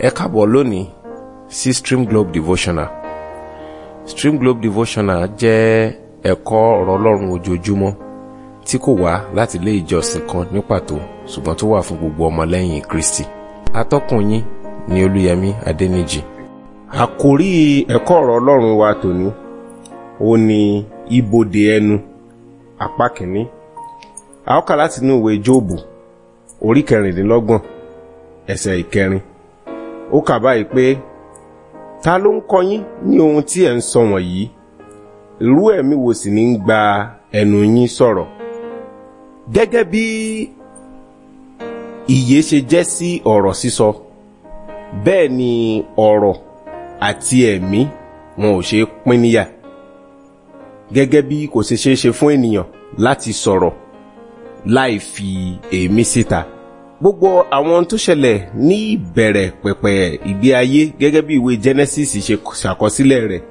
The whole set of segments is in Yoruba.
ẹ e lónìí sí si Stream Globe Devotional Stream Globe Devotional jẹ́ ẹ̀kọ́ ọ̀rọ̀ ọlọ́run ojoojúmọ́ tí kò wá láti ilé ìjọsìn kan ní pàtó ṣùgbọ́n tó wà fún gbogbo ọmọlẹ́yìn Kristi atọ́kùn yín ni Olúyẹmí Adẹ́nìjì àkórí ẹ̀kọ́ ọ̀rọ̀ ọlọ́run wa tòní ó ní ibodè ẹnu apá kìíní a ó kà láti inú ìwé Jóòbù orí kẹrìndínlọ́gbọ̀n ẹsẹ̀ ìkẹrin ó kà báyìí pé ta ló ń kọ́ ní ohun tí ẹ̀ ń sọ wọ̀nyí irú ẹ̀mí wo sì ní ń gba ẹnu yín sọ̀rọ̀ gẹ́gẹ́ bí ìyè ṣe jẹ́ sí ọ̀rọ̀ sísọ bẹ́ẹ̀ ni ọ̀rọ̀ àti ẹ̀mí wọn ò ṣe é pín níyà gẹ́gẹ́ bí kò ṣe ṣeé ṣe fún ènìyàn láti sọ̀rọ̀ láì fi èémí síta. Si gbogbo àwọn tó ṣẹlẹ̀ ní ìbẹ̀rẹ̀ pẹ̀pẹ̀ ìgbé ayé gẹ́gẹ́ bí ìwé Genesis ṣe ṣàkọsílẹ̀ rẹ̀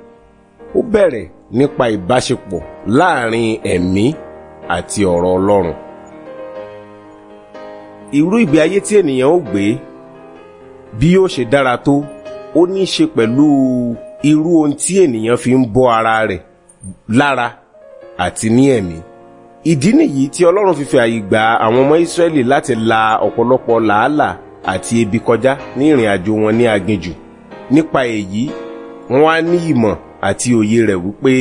ó bẹ̀rẹ̀ nípa ìbáṣepọ̀ láàrin ẹ̀mí àti ọ̀rọ̀ Ọlọ́run irú ìgbé ayé tí ènìyàn ó gbé bí yóò ṣe dára tó ó ní í ṣe pẹ̀lú irú ohun tí ènìyàn fi ń bọ́ ara rẹ̀ lára àti ní ẹ̀mí. E ìdí nìyí tí ọlọ́run fi fi àyè gba àwọn ọmọ ìsírẹ́lì láti la ọ̀pọ̀lọpọ̀ làálàá àti ebi kọjá ní ìrìn àjò wọn ní aginjù nípa èyí wọn á ní ìmọ̀ àti òye rẹ̀ wípé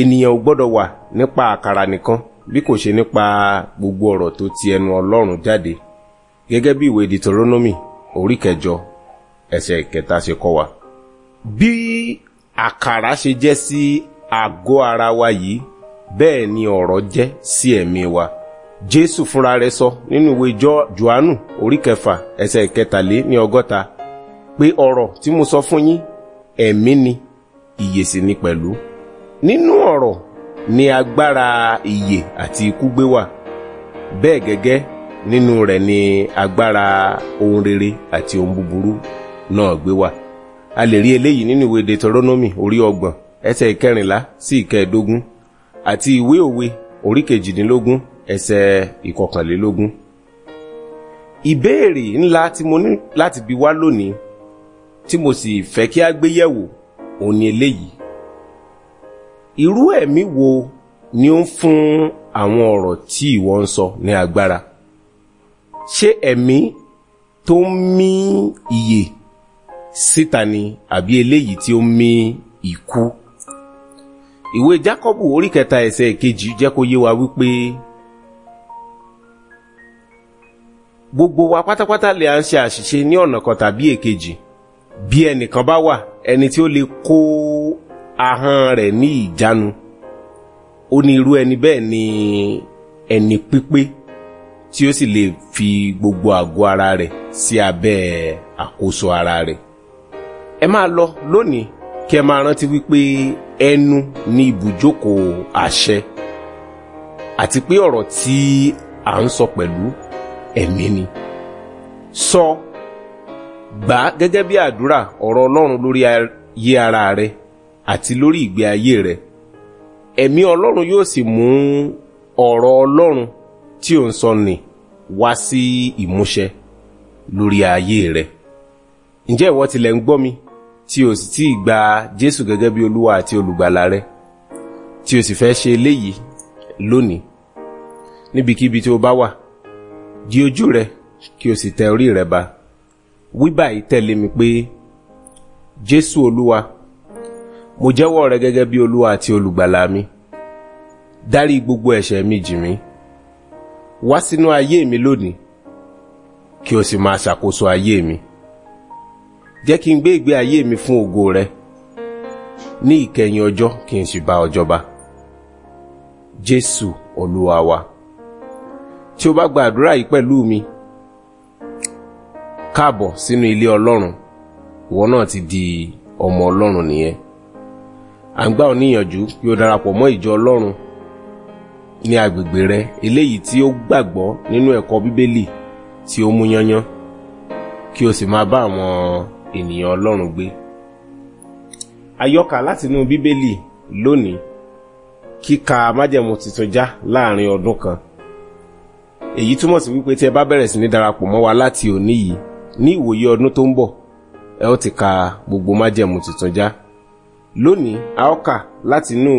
ènìyàn ò gbọ́dọ̀ wà nípa àkàrà nìkan bí kò ṣe nípa gbogbo ọ̀rọ̀ tó ti ẹnu ọlọ́run jáde gẹ́gẹ́ bí ìwé Deuteronomy orí kẹjọ ẹsẹ̀ kẹta ṣe kọ́ wa. bí àkàrà ṣe jẹ́ sí àgọ́ ara wa yìí bẹ́ẹ̀ ni ọ̀rọ̀ jẹ́ sí ẹ̀mí wa jésù fúnra rẹ̀ sọ nínú ìwé jọ johannu orí kẹfà ẹsẹ̀ ìkẹtàlé ní ọgọ́ta pé ọ̀rọ̀ tí mo sọ fún yín ẹ̀mí ni ìyè sì ni pẹ̀lú nínú ọ̀rọ̀ ni agbára ìyè àti ikú gbé wà bẹ́ẹ̀ gẹ́gẹ́ nínú rẹ̀ ni agbára ohun rere àti ohun búburú náà gbé wà a lè rí eléyìí nínú ìwé deuteronomy orí ọgbọ̀n ẹsẹ̀ ìkẹrìnlá sí ìkẹẹ̀dógún àti ìwé òwe orí kejìdínlógún ẹsẹ̀ ìkọkànlélógún. ìbéèrè ńlá tí mo ní láti bi wá lónìí tí mo sì fẹ́ kí a gbé yẹ̀wò òun ni eléyìí. irú ẹ̀mí wo ni ó ń fún àwọn ọ̀rọ̀ tí ìwọ ń sọ ní agbára? ṣé ẹ̀mí tó ń mí ìyè síta ni àbí eléyìí tí ó ń mí ìkú? ìwé Jákọ́bù orí kẹta ẹsẹ̀ kejì jẹ́ kó yé wa wípé gbogbo wa pátápátá lè à ń ṣe àṣìṣe ní ọ̀nà kan tàbí èkejì bí ẹnìkan bá wà ẹni tí ó lè kó ahọ́n rẹ̀ ní ìjánu ó ní irú ẹni bẹ́ẹ̀ ni ẹni pípé tí ó sì lè fi gbogbo àgọ́ ara rẹ̀ sí abẹ́ àkóso ara rẹ̀ ẹ máa lọ lónìí kí ẹ máa rántí wípé ẹnu ni ibùjókòó àṣẹ àti pé ọ̀rọ̀ tí à ń sọ pẹ̀lú ẹ̀mí ni sọ gbà gẹ́gẹ́ bí àdúrà ọ̀rọ̀ ọlọ́run lórí ayé ara rẹ àti lórí ìgbé ayé rẹ ẹ̀mí ọlọ́run yóò sì mú ọ̀rọ̀ ọlọ́run tí ò ń sọ nì wá sí ìmúṣẹ lórí ayé rẹ ǹjẹ́ ìwọ tilẹ̀ ń gbọ́ mi tí o sì tí ì gba Jésù gẹ́gẹ́ bí olúwa àti olùgbàlà rẹ tí o sì fẹ́ ṣe eléyìí lónìí níbikíbi tí o bá wà di ojú rẹ kí o sì tẹ orí rẹ ba wí báyìí tẹ̀lé mi pé Jésù olúwa mo jẹ́wọ́ rẹ gẹ́gẹ́ bí olúwa àti olùgbàlà mi dárí gbogbo ẹ̀ṣẹ̀ mi jì mí wá sínú ayé mi lónìí kí o sì máa ṣàkóso ayé mi jẹ́ kí n gbé ìgbé ayé mi fún ògo rẹ ní ìkẹyìn ọjọ́ kí n sì bá ọ jọba jésù olúwa tí o bá gba àdúrà yìí pẹ̀lú mi káàbọ̀ sínú ilé ọlọ́run ìwọ náà ti di ọmọ ọlọ́run nìyẹn à ń gbà ọ níyànjú kí o darapọ̀ mọ́ ìjọ ọlọ́run ní agbègbè rẹ eléyìí tí ó gbàgbọ́ nínú ẹ̀kọ́ bíbélì tí ó mú yányán kí o sì máa bá àwọn ènìyàn Ọlọ́run gbé. Àyọkà látinú Bíbélì lónìí kíka májẹ̀mú tuntun já láàrin ọdún kan. Èyí túmọ̀ sí wípé tí ẹ bá bẹ̀rẹ̀ sí ní darapọ̀ mọ́ wa láti òní yìí ní ìwòye ọdún tó ń bọ̀ ẹ ó ti ka gbogbo májẹ̀mú tuntun já. Lónìí a ó kà látinú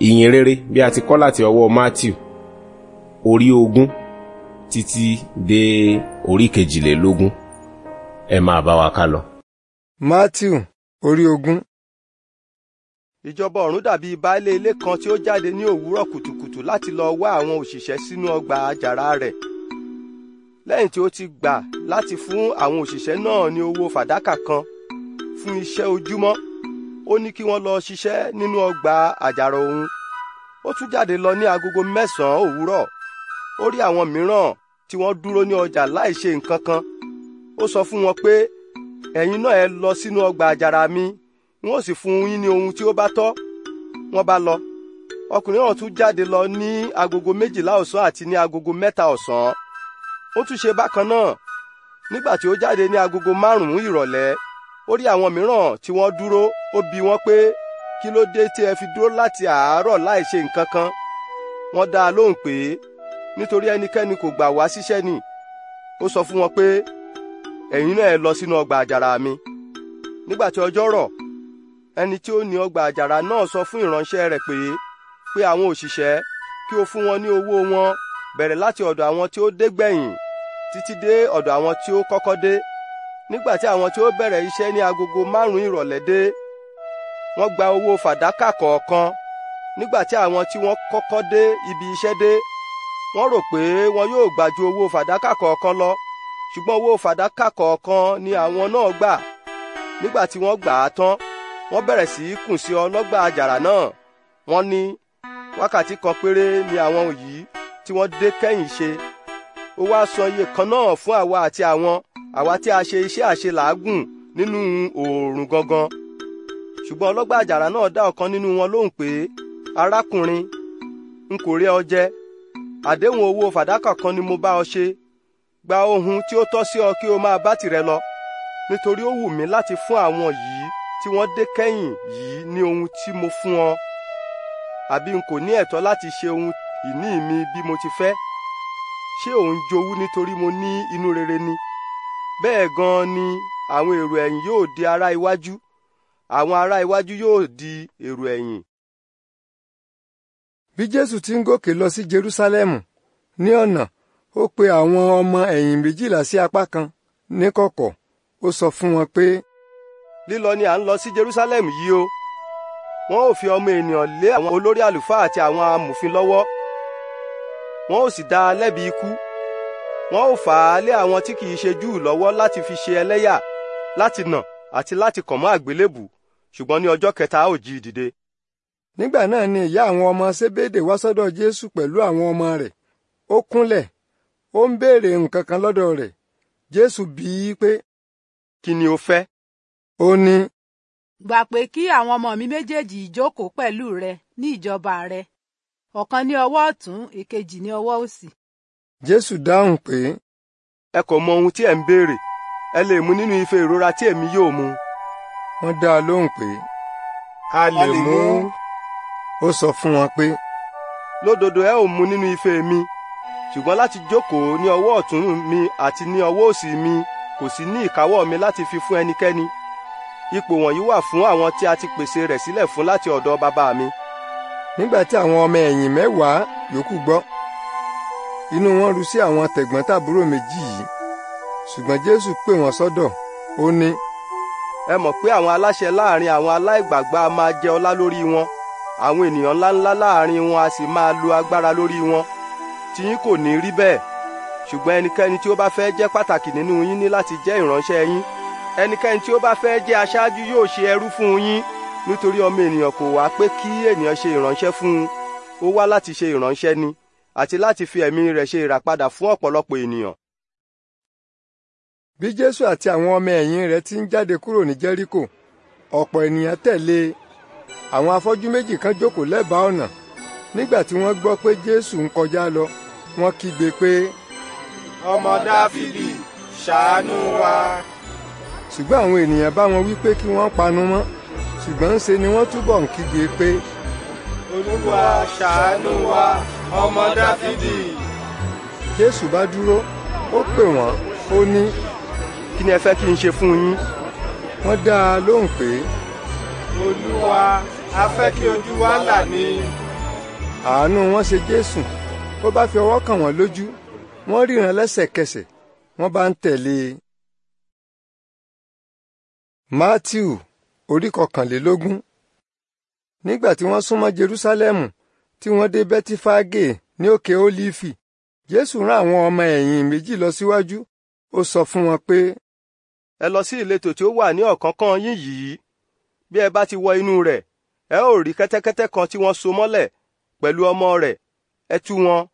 ìyìn rere bí a ti kọ́ láti ọwọ́ Matthew orí ogún títí dé orí kejìlélógún ẹ máa bá wa ká lọ. matthew orí ogún. ìjọba ọ̀run dàbí baálé ilé kan tí ó jáde ní òwúrọ̀ kùtùkùtù láti lọ wá àwọn òṣìṣẹ́ sínú ọgbà àjàrà rẹ̀ lẹ́yìn tí ó ti gbà láti fún àwọn òṣìṣẹ́ náà ní owó fàdákà kan fún iṣẹ́ ojúmọ́ ó ní kí wọ́n lọ ṣiṣẹ́ nínú ọgbà àjàrà òun ó tún jáde lọ ní agogo mẹ́sàn-án òwúrọ̀ ó rí àwọn mìíràn tí wọ́n dúró ní ọjà láì ṣe nǹkan kan ó sọ fún wọn pé ẹ̀yin náà ẹ lọ sínú ọgbà àjàrà mi n ó sì fún yín ní ohun tí ó bá tọ́ wọ́n bá lọ ọkùnrin náà tún jáde lọ ní agogo méjìlá ọ̀sán àti ní agogo mẹ́ta ọ̀sán ó tún ṣe bákan náà nígbà tí ó jáde ní agogo márùn-ún ìrọ̀lẹ́ ó rí àwọn mìíràn tí wọ́n dúró ó bi wọ́n pé kí ló dé tí ẹ fi dúró láti àárọ̀ láì ṣe nǹkan kan wọ́n dá a lóhùn pé nítorí ẹnikẹ́ni kò gbà wá síṣẹ́ ni ó sọ fún wọn pé ẹ̀yin náà ẹ lọ sínú ọgbà àjàrà mi nígbà tí ọjọ́ rọ̀ ẹni tí ó ní ọgbà àjàrà náà sọ fún ìránṣẹ́ rẹ̀ pé pé àwọn òṣìṣẹ́ kí ó fún wọn ní owó wọn bẹ̀rẹ̀ láti ọ̀dọ̀ àwọn tí ó dé gbẹ̀yìn títí dé ọ̀dọ̀ àwọn tí ó kọ́kọ́ dé nígbà tí àwọn tí ó bẹ̀rẹ̀ iṣẹ́ ní agogo márùn-ún ìrọ̀lẹ́ dé wọ́n gba owó fàdákà kọ̀ọ̀kan nígbà tí àwọn tí wọ́n kọ́kọ́ dé ibi iṣẹ́ dé wọ́n rò pé wọn yóò gbà owó fàdákà kọ̀ọ̀kan lọ ṣùgbọ́n owó fàdákà kọ̀ọ̀kan ni àwọn náà gbà nígbà tí wọ́n gbà á tán wọ́n bẹ̀rẹ̀ sí í kùn sí ọlọ́gbà àjàrà náà wọ́n ní wákàtí kan péré ni àwọn yìí tí wọ́n dé kẹ́yìn ṣe ó wá san iye kan náà fún àwa àti àwọn àwa tí a ṣe iṣẹ́ àṣelàágùn nínú oòrùn gangan ṣùgbọ́n ọlọ́gbà àjàrà náà dá ọ̀kan nínú wọn lóhùn pé arákùnrin n kò rí ọ jẹ àdéhùn owó fàdákà kan ni mo bá ọ ṣe gba ohun tí ó tọ́ sí ọ kí o máa bá tirẹ̀ lọ nítorí ó wù mí láti fún àwọn yìí tí wọ́n dé kẹ́yìn yìí ní ohun tí mo fún ọ àbí n kò ní ẹ̀tọ́ láti ṣe ohun ìní mi bí mo ti fẹ́ ṣé ò ń jowú nítorí mo ní inú rere ni bẹ́ẹ̀ gan-an ni àwọn èrò ẹ̀yìn yóò di ará iwájú àwọn ará iwájú yóò di èrò ẹ̀yìn. bí jésù ti ń gòkè lọ sí jerúsálẹ́mù ní ọ̀nà ó pe àwọn ọmọ ẹ̀yìn méjìlá sí apá kan níkọ̀kọ̀ ó sọ fún wọn pé. lílọ ni à ń lọ sí Jerusalem yìí o wọn ò fi ọmọ ènìyàn lé àwọn olórí àlùfáà àti àwọn amòfin lọ́wọ́ wọn ò sì dá a lẹ́bi ikú wọn ò fà á lé àwọn tí kìí ṣe Júù lọ́wọ́ láti fi ṣe ẹlẹ́yà láti nà àti láti kàn mọ́ àgbélébù ṣùgbọ́n ní ọjọ́ kẹta ó jí ìdìde. nígbà náà ni ìyá àwọn ọmọ Sébédè wá sọ́dọ̀ Jésù pẹ̀lú àwọn ọmọ rẹ̀ ó kúnlẹ̀ ó ń béèrè nǹkan kan lọ́dọ̀ rẹ̀ jésù bí i pé kí ni o fẹ́ ó ní. gbà pé kí àwọn ọmọ mi méjèèjì ìjókòó pẹ̀lú rẹ ní ìjọba rẹ ọ̀kan ní ọwọ́ ọ̀tún èkejì ní ọwọ́ òsì. jésù dáhùn pé ẹ kò mọ ohun tí ẹ ń béèrè ẹ lè mú nínú ife ìrora tí èmi yóò mu. wọ́n dá a lóhùn pé a lè mú ó sọ fún wọn pé. lódodo ẹ ò mú nínú ife mi ṣùgbọ́n láti jókòó ní ọwọ́ ọ̀tún mi àti ní ọwọ́ òsì mi kò sí ní ìkáwọ́ mi láti fi fún ẹnikẹ́ni ipò wọ̀nyí wà fún àwọn tí a ti pèsè rẹ̀ sílẹ̀ fún láti ọ̀dọ̀ bàbá mi. nígbà tí àwọn ọmọ ẹ̀yìn mẹ́wàá yòókù gbọ́ inú wọn ru sí àwọn tẹ̀gbọ́n-tàbúrò méjì yìí ṣùgbọ́n jésù pè wọ́n sọ́dọ̀ ó ní. ẹ mọ̀ pé àwọn aláṣẹ láàrin àwọn aláìgbàgbà máa jẹ ọlá lórí wọn àwọn ènìyàn ńláńlá láàrin wọn a sì máa lo agbára lórí wọn tiyín kò ní rí bẹ́ẹ̀ ṣùgbọ́n ẹnikẹ́ni tí ó bá fẹ́ jẹ́ pàtàkì nínú yín ní láti jẹ́ ìránṣẹ́ yín ẹnikẹ́ni tí ó bá fẹ́ jẹ́ aṣáájú yóò ṣe ẹrú fún yín nítorí ọmọ ènìyàn kò wá pé kí ènìyàn ṣe ìránṣẹ́ fún un ó wá láti ṣe ìránṣẹ́ ni àti láti fi ẹ̀mí rẹ̀ ṣe ìràpadà fún ọ̀pọ̀lọpọ̀ ènìyàn. bí jésù àti àwọn ọmọ ẹ̀yìn rẹ̀ ti ń jáde kúrò ní jẹ́ríkò ọ̀pọ̀ ènìyàn tẹ̀lé e. àwọn afọ́jú méjì kan jókòó lẹ́bàá ọ̀nà nígbà tí wọ́n gbọ́ pé jésù ń kọjá lọ wọ́n kígbe pé. ọmọ dáfídì ṣàánú wa. ṣùgbọ́n àwọn ènìyàn bá wọn wí pé kí wọ́n panu mọ́ ṣùgbọ́n ń ṣe ni wọ́n túbọ̀ ń kígbe pé. olúwa ṣàánú wa ọmọ dáfídì. jésù bá dúró ó pè wọ́n ó ní. kí ni ẹ fẹ́ kí n ṣe fún yín. wọ́n dá a lóhùn pé. olúwa a fẹ́ kí ojú wa là ní. àánú wọn ṣe jésù ó bá fi ọwọ́ kàn wọ́n lójú wọ́n ríran lẹ́sẹ̀kẹsẹ̀ wọ́n bá ń tẹ̀lé e. mátíù orí kọkànlélógún nígbà tí wọ́n súnmọ́ jerúsálẹ́mù tí wọ́n dé bẹ́tífágè ní òkè ólífì jésù rán àwọn ọmọ ẹ̀yìn méjì lọ síwájú ó sọ fún wọn pé. ẹ lọ sí ìletò tí ó wà ní ọ̀kánkán yín yìí bí ẹ bá ti wọ inú rẹ̀ ẹ ó rí kẹ́tẹ́kẹ́tẹ́ kan tí wọ́n so mọ́lẹ̀ pẹ̀lú ọmọ rẹ̀ ẹ tú wọn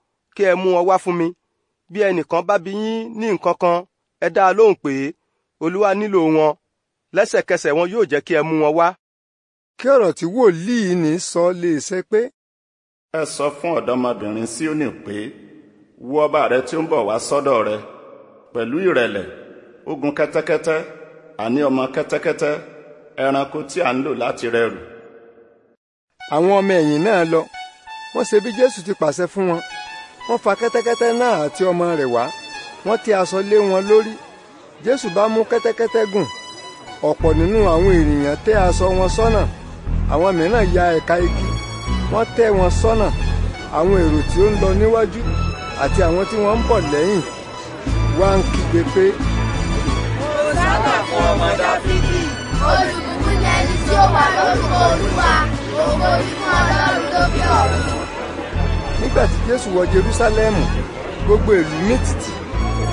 kí ẹ mú wọn wá fún mi bí ẹnìkan bá bi yín ní nǹkan kan ẹ pé olúwa nílò wọn lẹ́sẹ̀kẹsẹ̀ wọn yóò jẹ́ kí ẹ wọn wá. kí tí wòlíì ní sọ lè pé. ẹ sọ fún ọ̀dọ́mọbìnrin Síónì pé wo ọba rẹ tí wá sọ́dọ̀ rẹ pẹ̀lú ìrẹ̀lẹ̀ ogun kẹ́tẹ́kẹ́tẹ́ àní ọmọ kẹ́tẹ́kẹ́tẹ́ ẹranko tí a ń láti rẹrù. àwọn ọmọ ẹ̀yìn náà lọ wọ́n ṣe bí Jésù ti pàṣẹ fún wọn wọ́n fa kẹ́tẹ́kẹ́tẹ́ náà àti ọmọ rẹ̀ wá wọ́n ti aṣọ lé wọn lórí jésù bá mú kẹ́tẹ́kẹ́tẹ́ gùn ọ̀pọ̀ nínú àwọn ènìyàn tẹ́ aṣọ wọn sọ́nà àwọn mìíràn ya ẹ̀ka igi wọ́n tẹ́ wọn sọ́nà àwọn èrò tí ó ń lọ níwájú àti àwọn tí wọ́n ń bọ̀ lẹ́yìn wá ń kígbe pé. hòsánà fún ọmọ dáfídì olùbùkún ni ẹni tí ó wà lórúkọ olúwa ògo ni fún ọlọ́run lókè ọ̀run nígbà tí jésù wọ jerúsálẹ́mù gbogbo ìlú mì tìtì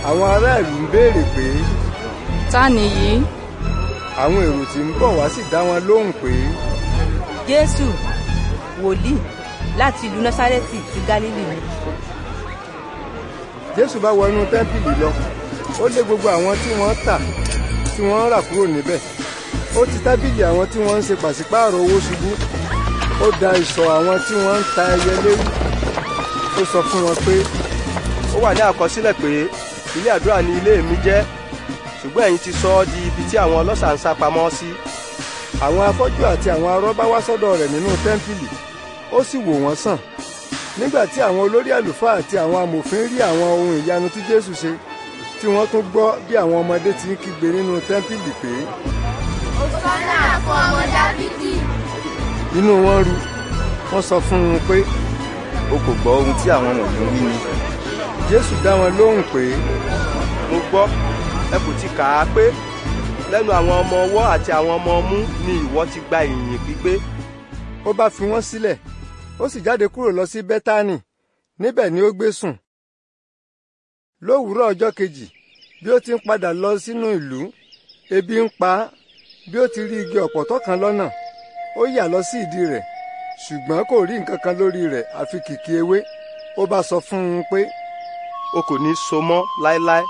àwọn aráàlú ń béèrè pé. ta nìyí. àwọn èrò tí ń bọ̀ wá sì dá wọn lóhùn pé. jésù wòlíì láti ìlú násárẹ́tì ti gálílì ni. jésù bá wọnú tẹ́ḿpìlì lọ ó lé gbogbo àwọn tí wọ́n tà tí wọ́n rà kúrò níbẹ̀ ó ti tábìlì àwọn tí wọ́n ń ṣe pàṣípààrọ̀ owó ṣubú ó da ìsọ̀ àwọn tí wọ́n ń ta ẹyẹ léwu ó sọ fún wọn pé ó wà ní àkọsílẹ̀ pé ilé àdúrà ni ilé mi jẹ́ ṣùgbọ́n ẹ̀yin ti sọ ọ́ di ibi tí àwọn ọlọ́ṣà ń sápamọ́ sí. àwọn afọ́jú àti àwọn arọ́ bá wá sọ́dọ̀ rẹ̀ nínú tẹ́ḿpìlì ó sì wò wọ́n sàn nígbà tí àwọn olórí àlùfáà àti àwọn amòfin rí àwọn ohun ìyanu tí Jésù ṣe tí wọ́n tún gbọ́ bí àwọn ọmọdé ti ń kígbe nínú tẹ́ḿpìlì pé. Hòsánà fún ọmọ Dáfídì. inú wọn ru wọ́n sọ fún un pé o kò gbọ́ ohun tí àwọn wọ̀nyí wí ni. jésù dá wọn lóhùn pé mo gbọ́ ẹ kò ti kà á pé lẹ́nu àwọn ọmọ ọwọ́ àti àwọn ọmọ ọmú ni ìwọ ti gba ìyìn pípé. ó bá fi wọ́n sílẹ̀ ó sì jáde kúrò lọ sí bẹ́tánì níbẹ̀ ni ó gbé sùn. lówùúrọ̀ ọjọ́ kejì bí ó ti ń padà lọ sínú ìlú ebi ń pa á bí ó ti rí igi ọ̀pọ̀tọ́ kan lọ́nà ó yà lọ sí ìdí rẹ̀ ṣùgbọ́n kò rí nǹkan kan lórí rẹ̀ àfi kìkì ewé ó bá sọ fún un pé. o kò ní so mọ́ láéláé.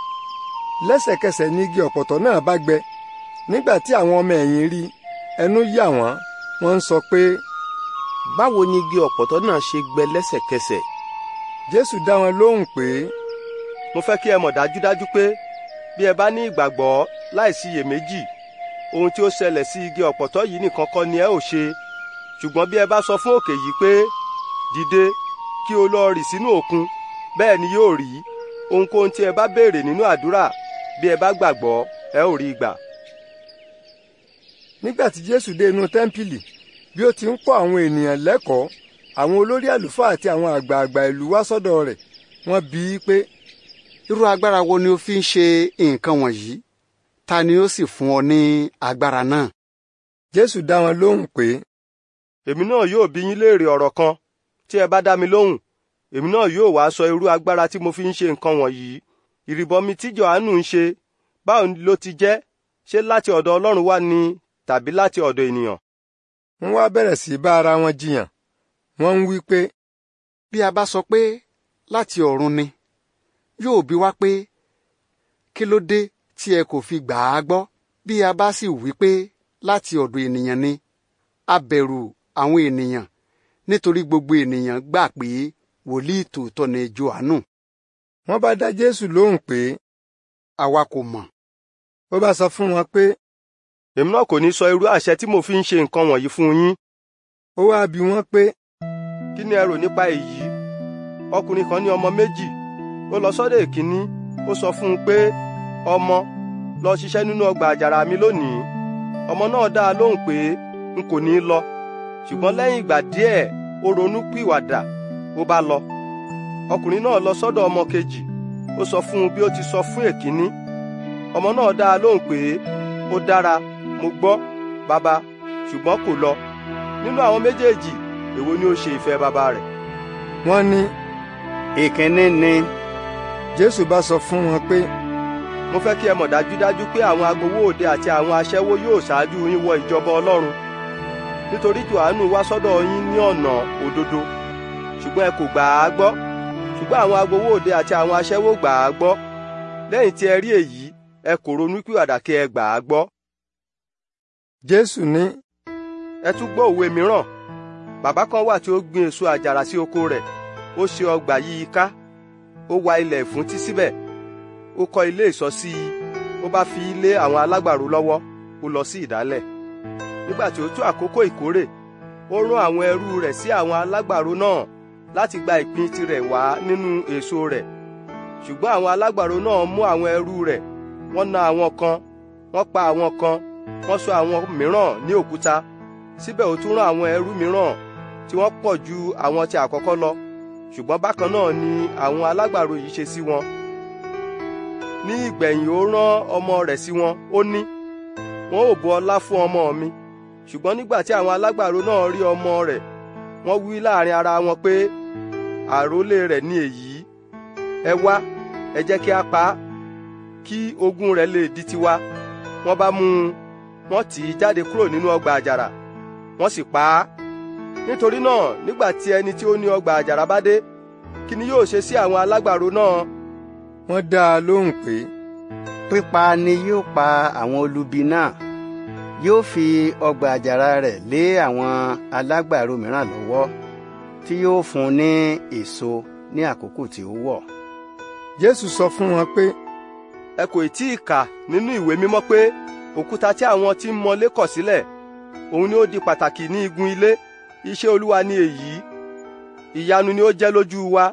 lẹ́sẹ̀kẹsẹ̀ ni igi ọ̀pọ̀tọ́ náà bá gbẹ nígbà tí àwọn ọmọ ẹ̀yìn rí ẹnu yà wọ́n wọ́n ń sọ pé. báwo ni igi ọ̀pọ̀tọ́ náà ṣe gbẹ lẹ́sẹ̀kẹsẹ̀. jésù dá wọn lóhùn pé. mo fẹ́ kí ẹ mọ̀ dájúdájú pé bí ẹ bá ní ìgbàgbọ́ láìsiyèméjì ohun tí ó ṣẹlẹ̀ sí igi ọ̀pọ̀tọ́ yìí nìkan kọ́ ni ẹ ò ṣe ṣùgbọ́n bí ẹ bá sọ fún òkè yìí pé dìde kí o lọ rì sínú òkun bẹ́ẹ̀ ni yóò rí ohunkóhun tí ẹ bá béèrè nínú àdúrà bí ẹ bá gbàgbọ́ ẹ ó rí gbà. nígbà tí jésù dé inú tẹ́ḿpìlì bí ó ti ń kọ́ àwọn ènìyàn lẹ́kọ̀ọ́ àwọn olórí àlùfáà àti àwọn àgbààgbà ìlú wá sọ́dọ̀ rẹ̀ wọ́n bi í pé. irú agbára wo ni o fi ń ṣe nǹkan wọ̀nyí ta ni ó sì fún ọ ní agbára náà. jésù dá wọn lóhùn pé èmi náà yóò bi yín léèrè ọ̀rọ̀ kan tí ẹ bá dá mi lóhùn èmi náà yóò wá sọ irú agbára tí mo fi ń ṣe nǹkan wọ̀nyí ìrìbọmi tí Jòhánù ń ṣe báwo ló ti jẹ́ ṣé láti ọ̀dọ̀ Ọlọ́run wá ni tàbí láti ọ̀dọ̀ ènìyàn. wọ́n wá bẹ̀rẹ̀ sí bá ara wọn jiyàn wọ́n ń wí pé. bí a bá sọ pé láti ọ̀run ni yóò bi wá pé kí ló dé tí ẹ kò fi gbà á gbọ́ bí a bá sì wí pé láti ọ̀dọ̀ ènìyàn ni a bẹ̀rù àwọn ènìyàn nítorí gbogbo ènìyàn gbà pé wòlíì tòótọ́ ni Jòhánù. wọ́n bá dá Jésù lóhùn pé àwa kò mọ̀. ó bá sọ fún wọn pé. èmi náà kò ní sọ irú àṣẹ tí mo fi ń ṣe nǹkan wọ̀nyí fún yín. ó wáá bi wọn pé. kí ni ẹ rò nípa èyí ọkùnrin kan ní ọmọ méjì ó lọ sọ́dọ̀ èkínní ó sọ fún un pé ọmọ lọ ṣiṣẹ́ nínú ọgbà àjàrà mi lónìí ọmọ náà dá a lóhùn pé n kò ní í lọ ṣùgbọ́n lẹ́yìn ìgbà díẹ̀ ó ronú pìwàdà ó bá lọ ọkùnrin náà lọ sọ́dọ̀ ọmọ kejì ó sọ fún un bí ó ti sọ fún èkíní ọmọ náà dá a lóhùn pé ó dára mo gbọ́ bàbá ṣùgbọ́n kò lọ nínú àwọn méjèèjì èwo ni ó ṣe ìfẹ́ bàbá rẹ̀. wọ́n ní ìkíní ni jésù bá sọ fún wọn pé. mo fẹ́ kí ẹ mọ̀ dájúdájú pé àwọn agbowó òde àti àwọn aṣẹ́wó yóò ṣáájú yín wọ ìjọba ọlọ́run nítorí Jòhánù wá sọ́dọ̀ yín ní ọ̀nà òdodo ṣùgbọ́n ẹ kò gbà á gbọ́ ṣùgbọ́n àwọn agbowó òde àti àwọn aṣẹ́wó gbà á gbọ́ lẹ́yìn tí ẹ rí èyí ẹ kò ronú pìwàdà kí ẹ gbà á gbọ́. Jésù ní ẹ tún gbọ́ òwe mìíràn bàbá kan wà tí ó gbin èso àjàrà sí oko rẹ̀ ó ṣe ọgbà yí ká ó wa ilẹ̀ ìfúntí síbẹ̀ ó kọ́ ilé ìṣọ́ sí i ó bá fi ilé àwọn alágbàro lọ́wọ́ ó lọ sí ìdálẹ̀ nígbà tí ó tó àkókò ìkórè ó rán àwọn ẹrú rẹ̀ sí àwọn alágbàro náà láti gba ìpín tirẹ̀ wá nínú èso rẹ̀ ṣùgbọ́n àwọn alágbàro náà mú àwọn ẹrú rẹ̀ wọ́n na àwọn kan wọ́n pa àwọn kan wọ́n sọ àwọn mìíràn ní òkúta síbẹ̀ ó tún rán àwọn ẹrú mìíràn tí wọ́n pọ̀ ju àwọn ti àkọ́kọ́ lọ ṣùgbọ́n bákan náà ni àwọn alágbàro yìí ṣe sí wọn ní ìgbẹ̀yìn ó rán ọmọ rẹ̀ sí wọn ó ní wọn ò bu ọlá fún ọmọ mi ṣùgbọ́n nígbà tí àwọn alágbàro náà rí ọmọ rẹ̀ wọ́n wí láàrin ara wọn pé àrólé rẹ̀ ni èyí ẹ wá ẹ jẹ́ kí a pa á kí ogún rẹ̀ lè di tiwa wọ́n bá mú un wọ́n tì í jáde kúrò nínú ọgbà àjàrà wọ́n sì pa á nítorí náà nígbà tí ẹni tí ó ní ọgbà àjàrà bá dé kí ni yóò ṣe sí àwọn alágbàro náà. wọ́n dá a lóhùn pé pípa ni yóò pa àwọn olubi náà yóò fi ọgbà àjàrà rẹ̀ lé àwọn alágbàro mìíràn lọ́wọ́ tí yóò fún ní èso ní àkókò tí ó wọ̀. Jésù sọ fún wọn pé ẹ kò tí ì kà nínú ìwé mímọ́ pé òkúta tí àwọn tí ń mọlé kọ̀ sílẹ̀ òun ni ó di pàtàkì ní igun ilé iṣẹ́ Olúwa ni èyí ìyanu ni ó jẹ́ lójú wa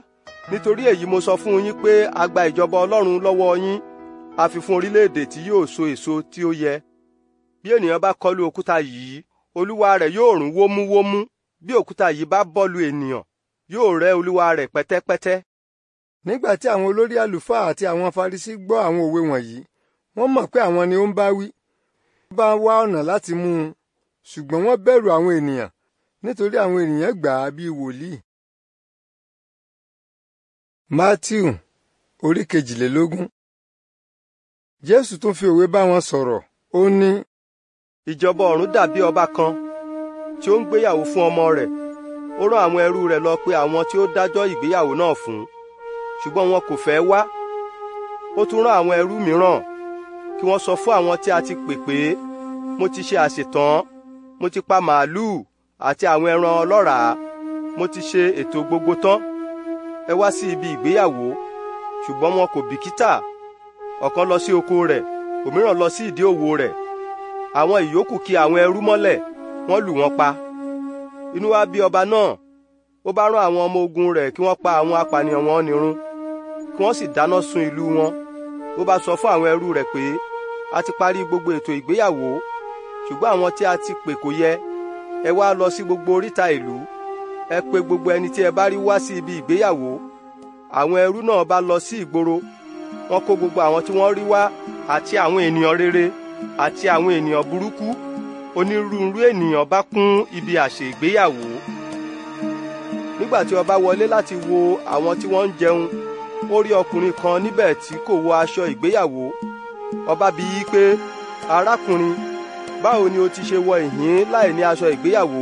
nítorí èyí mo sọ fún yín pé a gba ìjọba Ọlọ́run lọ́wọ́ yín a fi fún orílẹ̀-èdè tí yóò so èso tí ó yẹ bí ènìyàn bá kọlu òkúta yìí olúwa rẹ̀ yóò rún wómúwómú bí òkúta yìí bá bọ́lu ènìyàn yóò rẹ́ olúwa rẹ̀ pẹ́tẹ́pẹ́tẹ́. nígbà tí àwọn olórí àlùfáà àti àwọn farisí gbọ́ àwọn òwe wọ̀nyí wọ́n mọ̀ pé àwọn ni ó ń bá wí. wọ́n bá wá ọ̀nà láti mú un ṣùgbọ́n wọ́n bẹ̀rù àwọn ènìyàn nítorí àwọn ènìyàn gbà á bíi wòlíì. Mátíù orí kejìlélógún Jésù tún fi òwe bá wọn sọ̀rọ̀ ó ní ìjọba ọ̀run dàbí ọba kan tí ó ń gbéyàwó fún ọmọ rẹ̀ ó rán àwọn ẹrú rẹ̀ lọ pé àwọn tí ó dájọ́ ìgbéyàwó náà fún ṣùgbọ́n wọn kò fẹ́ wá ó tún rán àwọn ẹrú mìíràn kí wọ́n sọ fún àwọn tí a ti pè pé mo ti ṣe àṣetán mo ti pa màálùú àti àwọn ẹran ọlọ́ràá mo ti ṣe ètò gbogbo tán ẹ wá sí ibi ìgbéyàwó ṣùgbọ́n wọn kò bìkítà ọ̀kan lọ sí oko rẹ̀ òmíràn lọ sí ìdí òwò rẹ̀ àwọn ìyókù ki àwọn ẹrú mọ́lẹ̀ wọ́n lù wọ́n pa inú wa bí ọba náà ó bá rán àwọn ọmọ ogun rẹ̀ kí wọ́n pa àwọn apànìyàn wọn nírun kí wọ́n sì dáná sun ìlú wọn ó bá sọ fún àwọn ẹrú rẹ̀ pé a ti parí gbogbo ètò ìgbéyàwó ṣùgbọ́n àwọn tí a ti pè kò yẹ ẹ wá lọ sí gbogbo oríta ìlú ẹ pe gbogbo ẹni tí ẹ bá rí wá sí ibi ìgbéyàwó àwọn ẹrú náà bá lọ sí ìgboro wọ́n kó gbogbo àwọn tí wọ́n rí wá àti àwọn ènìyàn rere àti àwọn ènìyàn burúkú onírúurú ènìyàn bá kún ibi àsè ìgbéyàwó nígbà tí ọba wọlé láti wo àwọn tí wọ́n ń jẹun ó rí ọkùnrin kan níbẹ̀ tí kò wọ aṣọ ìgbéyàwó ọba bi í pé arákùnrin báwo ni o ti ṣe wọ ìhín láì ní aṣọ ìgbéyàwó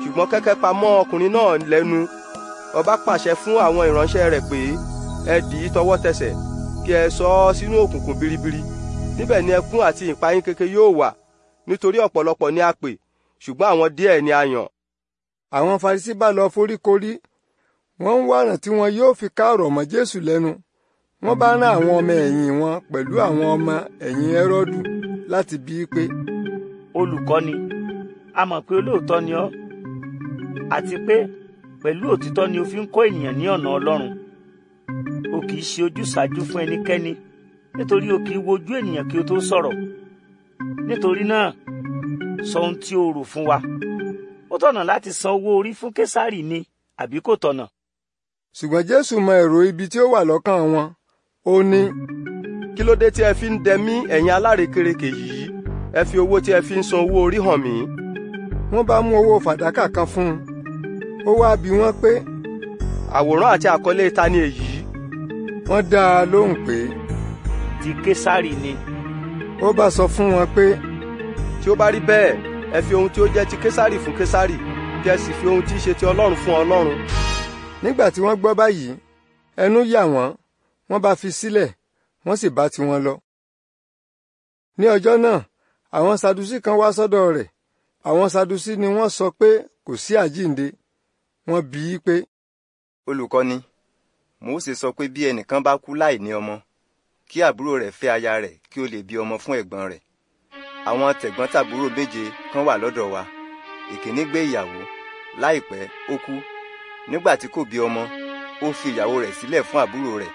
ṣùgbọ́n kẹ́kẹ́ pamọ́ ọkùnrin náà lẹ́nu ọba pàṣẹ fún àwọn ìránṣẹ́ rẹ̀ pé ẹ dì í tọwọ́ tẹsẹ̀ kí ẹ sọ ọ́ sínú òkùnkùn biribiri. Biri níbẹ̀ ni ẹkún àti ìpayín kékeré yóò wà nítorí ọ̀pọ̀lọpọ̀ ni a pè ṣùgbọ́n àwọn díẹ̀ ni a yàn. àwọn Farisí bá lọ foríkorí wọ́n ń wá ọ̀nà tí wọn yóò fi ká ọ̀rọ̀ mọ́ Jésù lẹ́nu wọ́n bá rán àwọn ọmọ ẹ̀yìn wọn pẹ̀lú àwọn ọmọ ẹ̀yìn Hẹ́rọ́dù láti bí pé. olùkọ́ni a mọ̀ pé olóòótọ́ ni ọ́ àti pé pẹ̀lú òtítọ́ ni o fi ń kọ́ ènìyàn ní ọ̀nà Ọlọ́run o kì í ṣe ojúsàájú fún ẹnikẹ́ni nítorí o kì í wojú ènìyàn kí o tó sọ̀rọ̀ nítorí náà sọ ohun tí o rò fún wa ó tọ̀nà láti san owó orí fún késárì ni àbí kò tọ̀nà. ṣùgbọ́n jésù mọ èrò ibi tí ó wà lọ́kàn wọn ó ní. kí ló dé tí ẹ fi ń dẹ ẹ̀yin alárekereke yìí ẹ fi owó tí ẹ fi ń san owó orí hàn mí. wọ́n bá mú owó fàdákà kan fún un ó wáá bi wọ́n pé. àwòrán àti àkọlé ta ni èyí. wọ́n dá a lóhùn pé ti késárì ni. ó bá sọ fún wọn pé. tí ó bá rí bẹ́ẹ̀ ẹ fi ohun tí ó jẹ́ ti késárì fún késárì kí ẹ sì fi ohun tí í ṣe ti ọlọ́run fún ọlọ́run. nígbà tí wọ́n gbọ́ báyìí ẹnu yà wọ́n wọ́n bá fi sílẹ̀ wọ́n sì bá tiwọn lọ. ní ọjọ́ náà àwọn sadusí kan wá sọ́dọ̀ rẹ̀ àwọn sadusí ni wọ́n sọ pé kò sí àjínde wọ́n bi í pé. olùkọ́ni Mósè sọ pé bí ẹnìkan bá kú láì ní ọmọ kí àbúrò rẹ̀ fẹ́ aya rẹ̀ kí ó lè bí ọmọ fún ẹ̀gbọ́n rẹ̀ àwọn tẹ̀gbọ́n-tàbúrò méje kan wà lọ́dọ̀ wa èkíní gbé ìyàwó láìpẹ́ ó kú nígbà tí kò bí ọmọ ó fi ìyàwó rẹ̀ sílẹ̀ fún àbúrò rẹ̀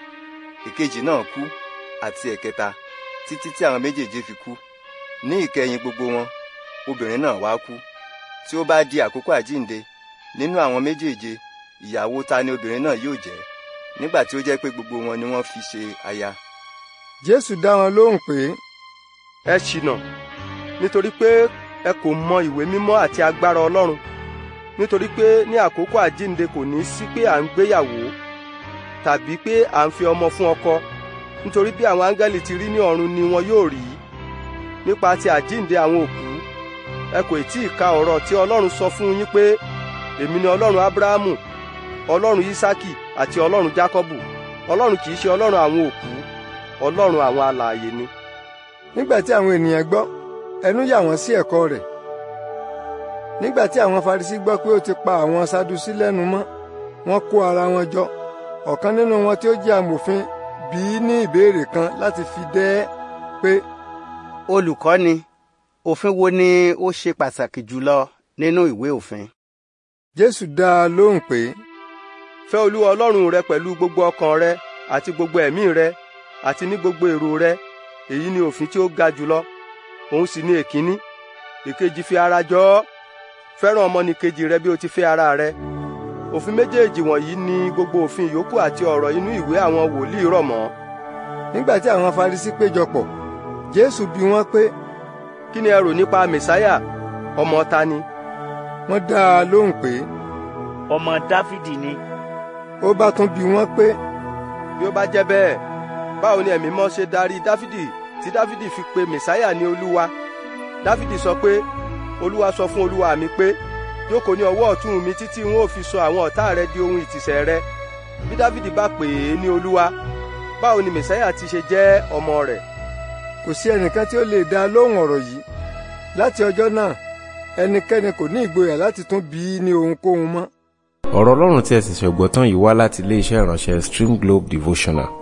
èkejì náà kú àti ẹ̀kẹta títí tí àwọn méjèèje fi kú ní ìkẹyìn gbogbo wọn obìnrin náà wá kú tí ó bá di àkókò àjíǹde nínú àwọn méjèèje ìyàwó ta ni obìnrin náà yóò jẹ́ nígbà tí ó jẹ́ pé gbogbo wọn ni wọ́n fi ṣe aya jésù dá wọn lóhùn pé ẹ ṣìnà nítorí pé ẹ kò mọ ìwé mímọ́ àti agbára ọlọ́run nítorí pé ní àkókò àjínde kò ní sí pé à ń gbéyàwó tàbí pé à ń fi ọmọ fún ọkọ nítorí bí àwọn áńgẹ́lì ti rí ní ọ̀run ni wọn yóò rí nípa ti àjínde àwọn òkú ẹ kò tí ì ka ọ̀rọ̀ tí ọlọ́run sọ fún yín pé èmi ni ọlọ́run abrahamu ọlọ́run isaki àti ọlọ́run jacobu ọlọ́run kì í ṣe ọlọ́run àwọn òkú ọlọ́run àwọn alààyè ni. nígbà tí àwọn ènìyàn gbọ́ ẹnu yà wọ́n sí ẹ̀kọ́ rẹ̀ nígbà tí àwọn Farisí gbọ́ pé ó ti pa àwọn Sadusí lẹ́nu mọ́ wọ́n kó ara wọn jọ ọ̀kan nínú wọn tí ó jẹ́ amòfin bí í ní ìbéèrè kan láti fi dẹ́ ẹ́ pé. olùkọ́ni òfin wo ni ó ṣe pàtàkì jùlọ nínú ìwé òfin. Jésù dá a lóhùn pé. fẹ́ olúwa ọlọ́run rẹ pẹ̀lú gbogbo ọkàn rẹ àti gbogbo ẹ̀mí rẹ àti ní gbogbo èrò rẹ èyí ni òfin tí ó ga jùlọ òun sì ni èkíní èkejì fi ara jọ ọ́ fẹ́ràn ọmọnìkejì rẹ bí o ti fẹ́ ara rẹ òfin méjèèjì wọ̀nyí ni gbogbo òfin ìyókù àti ọ̀rọ̀ inú ìwé àwọn wòlíì rọ̀ mọ́. nígbà tí àwọn Farisí péjọpọ̀ Jésù bi wọ́n pé kí ni ẹ nípa Mèsáyà ọmọ ta ni. wọ́n dá a lóhùn pé. ọmọ Dáfídì ni. ó bá tún bi wọ́n pé. bí ó bá jẹ́ bẹ́ẹ̀ báwo ni ẹ̀mí mọ́ ṣe darí dáfídì tí dáfídì fi pe mẹ̀sáyà ní olúwa dáfídì sọ pé olúwa sọ fún olúwa mi pé jókòó ní ọwọ́ ọ̀tún mi títí n ó fi sọ àwọn ọ̀tá rẹ di ohun ìtìsẹ̀ rẹ bí dáfídì bá pè é ní olúwa báwo ni mẹ̀sáyà ti ṣe jẹ́ ọmọ rẹ̀ kò sí ẹnìkan tí ó lè dá lóhùn ọ̀rọ̀ yìí láti ọjọ́ náà ẹnikẹ́ni kò ní ìgboyà láti tún bí i ní ohunkóhun mọ́. ọ̀rọ̀ ọlọ́run tí ẹ ṣẹ̀gbọ́n tán yìí wá láti iléeṣẹ́ ìránṣẹ́ Stream Globe Devotional